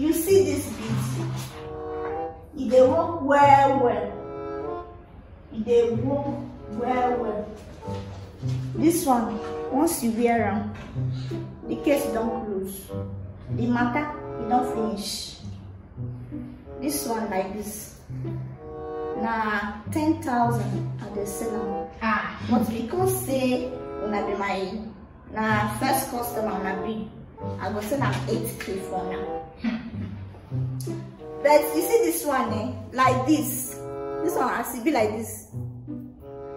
you see this bead If they work well well if they work well well this one once you wear am the case don't close the matter it e don't finish this one like this Nah, ten thousand i dey sell ah but because say una be my nah first customer una be i go sell am eight k for now. Hmm. But you see this one, eh? Like this. This one has to be like this.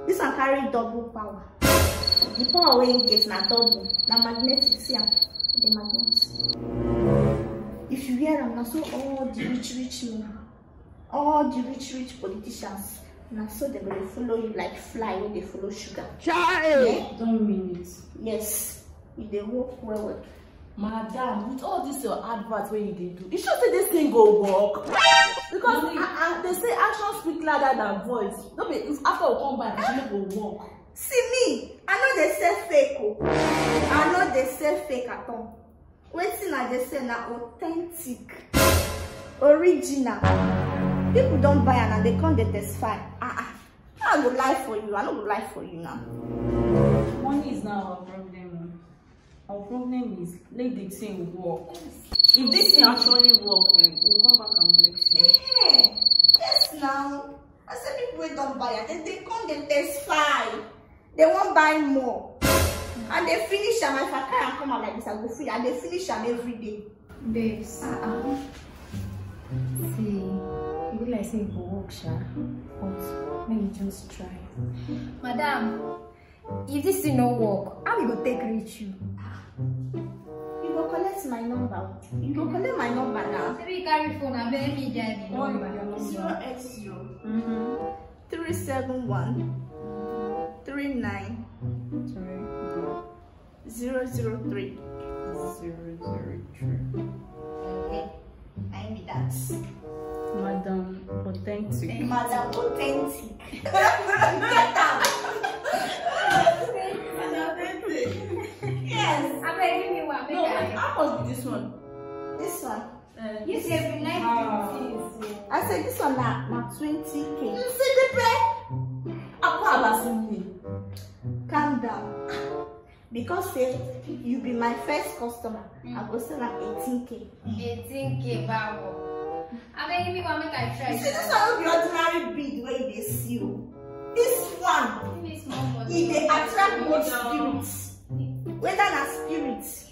This one carry double power. The power wey e get na double. Na magnetic. See am? The magnet. If you hear am, na so all the rich rich men, all the rich rich politicians, na so dem go dey follow you like fly wey dey follow sugar. Child! Yeah? Don't mean it. Yes. You dey work well well madam with all this your advert wey you dey do you sure say this thing go work because mm -hmm. I, I, they say action speak louder than voice no be after we come back e no go work. see me i no dey sell fake o oh. i no dey sell fake at all wetin i dey sell na authentic original people don buy am and they come dey testify ah ah i go lie for you i no go lie for you now. money is not our problem. our problem is let the thing work if this thing actually work then we'll come back and flex you yeah. yes now i say people don't buy am dem they come dey They won't buy more and they finish am if i carry come out like this i go free and they finish them every day. babes uh ah, -uh. Ah. see you like say e go work sha but let me just try madam if this thing no work how we go take reach you ah, you go collect my number you go collect my number now say we carry phone and make me get the number 0x0 mm-hmm. 371 39 Zero zero three. 003 okay i need that madam authentic madam authentic get am How much this one? This one. Uh, you said we like wow. I said this one na na twenty k. Nsidipe, akwa abasimile. Calm down. Because say you be my first customer, mm. I go sell am eighteen k. Eighteen k, babo. abeg me, one make i try. you see this one no be ordinary bead wey dey seal this one it they attract both spirits whether that spirits.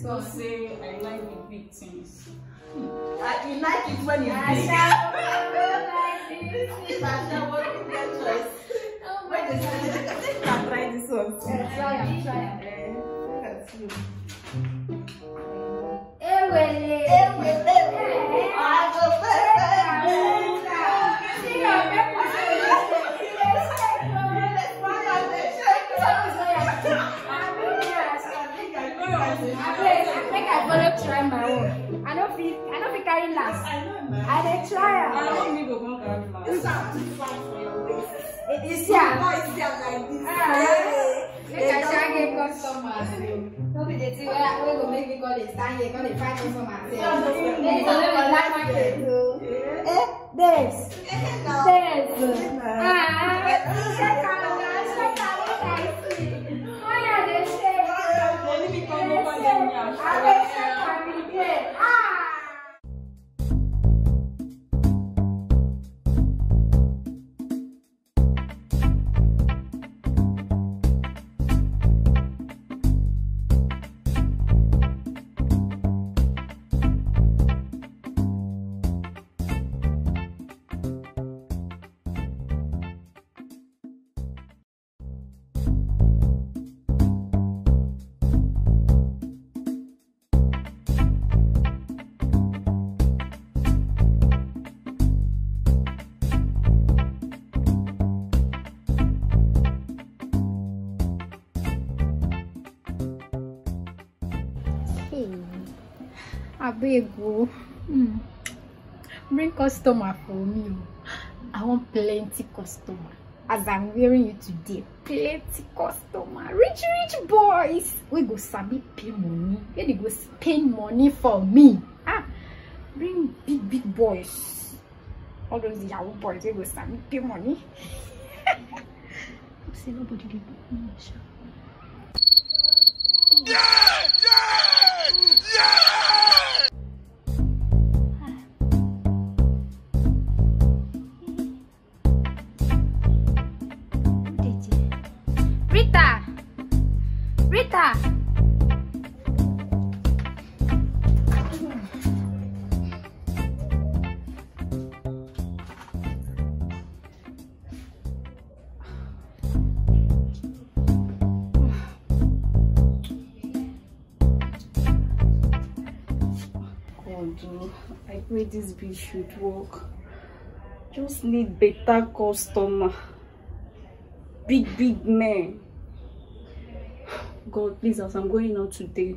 So say I like the big things. Hmm. I, you like it when you big. I like it. If I let me try this one. Yeah, try, try. Eh, look at you. Ewele. Ewele. It's here. No, it's here like this. Ah, yeah. Make I try get customers. No be the thing where I go make me go dey stand here, go dey find customers. Make you no dey like market. Eh, this. This. Ah. Check out that. Check out what I see. Why are they saying? They need abeg mm. bring customer for me I want plenty customer as i'm wearing you today plenty customer rich rich boys We go sabi pay money wey go spend money for me ah bring big big boys all those yahoo boys We go sabi pay money I'm saying nobody dey me yeah! Yeah! Yeah! way this bit should work just need better customer big big man. god please as i'm going out today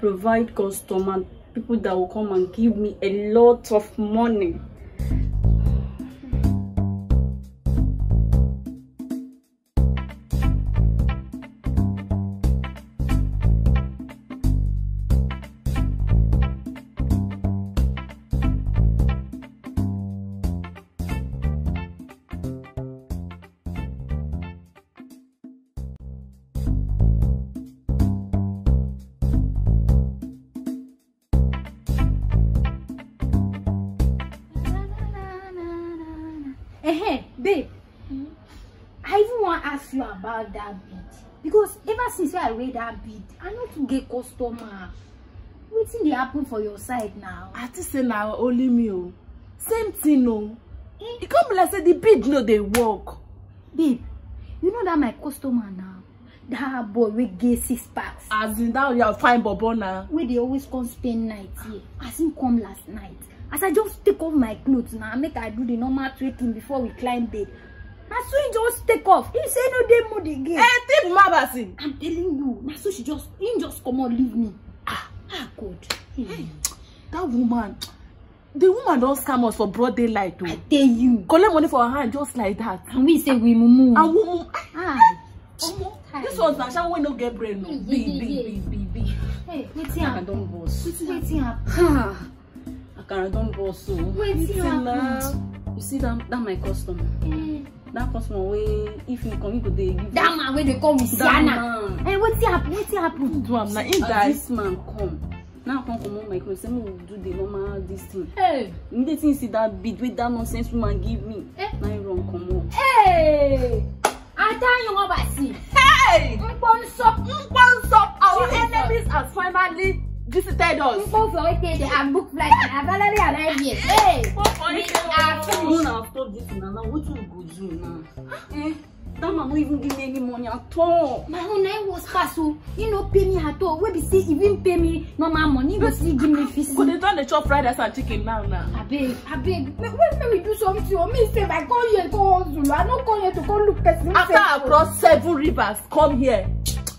provide customer people that will come and give me a lot of money hey, babe, mm -hmm. I even wan ask you about that bid because ever since I read that bid, I know to get customer. What's in the happen for your side now? I just say now only me o. Oh. Same thing o. E come be like say the bid no they work. Babe, you know that my customer now that boy with gay six packs. as in that your fine bobo na. wey dey always come spend night here as him come last night as i just take off my cloth na make i do the normal trekking before we climb bed na so he just take off he say no dey mood again. ẹ tí mo má i'm telling you na so she just he just comot leave me ah ah god hey, hmm. hey. that woman the woman don scam us for broad daylight o. Oh. i tell you. collect money for her hand just like that. and we say we mumu. and we mumu. Ah, ah omo this one na ṣáà wey no get brain o. bi bi bi bi bi. hey wetin happen wetin happen. Ah. Karen, don't draw so. Wait, you see, now. You see that that my customer. Mm. That customer wey if you come go dey give. That man wey they come with Siana. Hey, wetin happen? Wetin happen? Do am na him die. As this man come. now come come on, my cloth say make we do the normal this thing. Hey. you immediately see that bead wey that nonsense woman give me hey. na him run comot. Hey. adanyi wabasi. Hey. nkponsop nkponsop our enemies are finally visited us. People for wetin dey and book flight and finally arrive here. Hey, we are finished. Una after this na na wetin we go do now? Eh, that man no even give me any money at all. My own name was pass o. He no pay me at all. Where be see, even pay me normal money, he go give me fees. Go dey turn the chop fried rice and chicken now now. Abeg, abeg, wait make we do something o. Oh, me say, I call come here go Zulu. I no call you to come look person. After I cross seven rivers, come here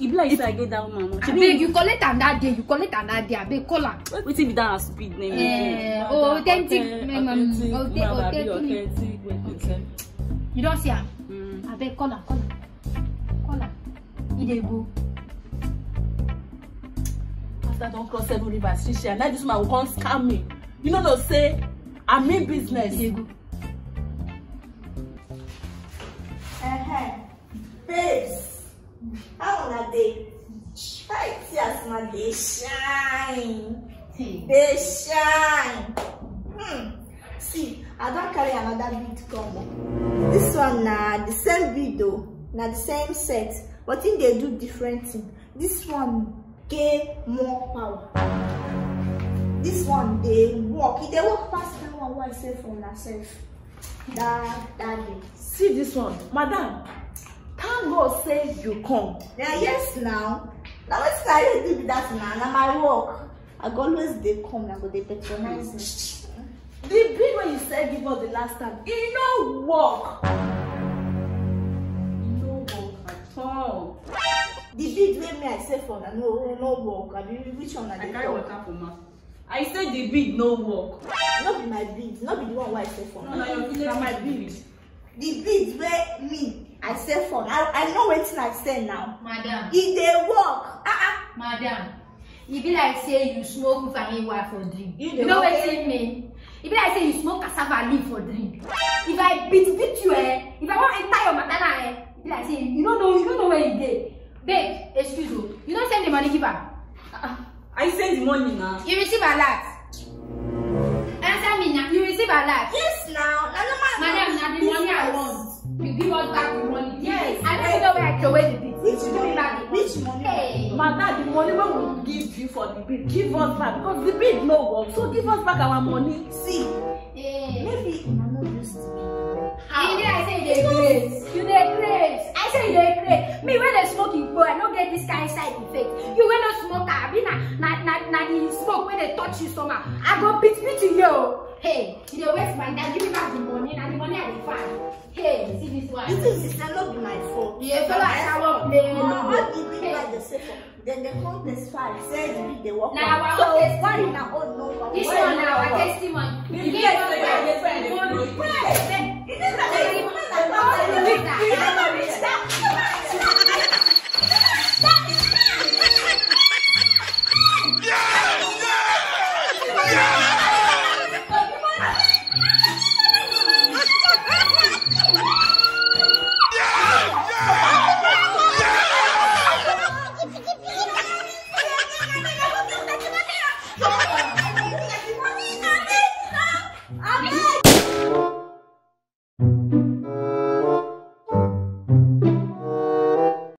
e be like say i get that woman now. abeg you collect am that day you collect am that day abeg call am. wetin be that her speed, name. Eh, oh, authentic authentic eh, authentic authentic you don see am. Mm. abeg call am call am call am e dey go. after i don cross seven rivers she here now this woman go come scam me you no know say i mean business. e dey Uh -huh. Babes. How una dey? Hi, see as una dey shine. Dey shine. Hmm. See, I don carry another bead come. This one na the same bead o, na the same set, but im e they do different thing. This one get more power. This one they work. E dey work pass that one why I say for myself. That that day. See this one, madam when God say you come. Yeah, yes now. Now wetin I dey do be that na Now my work. I go always they come na go they patronize me. The bill wey you said give us the last time, e no work. no work at all. The bid wey me I say for that no no work abi which one na the I carry water for mouth. I said the bid no work. Not be my bid, Not be the one wey I say for. No, na your village my bid. The bid where me i said fun i i know wetin i say now. madam If they work. ah ah, madam e be like say you smoke vanilla for drink you, you know I mean e be like say you smoke cassava leaf for drink if i beat beat you eh if i want enter your matana eh e be like say you don't know you don't know where you dey babe excuse o you don't send the money give Uh i send the money now. you receive a lot. answer me now. you receive a lot. yes na na normal. madam na the money i want you give us back away the bill. Which money? Which money? Hey, madam, the money wey we give you for the bill, give us back because the bill no work. So give us back our money. See, hey. Eh, maybe una no use the carry smoke when they touch you somehow i go beat beat you yo hey you waste my time give me back the money and the money i dey find hey see this one. you think this no be my fault. you dey follow as i wan play no go. all the big guys dey say the dem dey call this file say the big dey work on. na our own testimony. so worry na old no worry. this one na our testimony. you get one friend. you get one friend. you get one friend. you get one friend.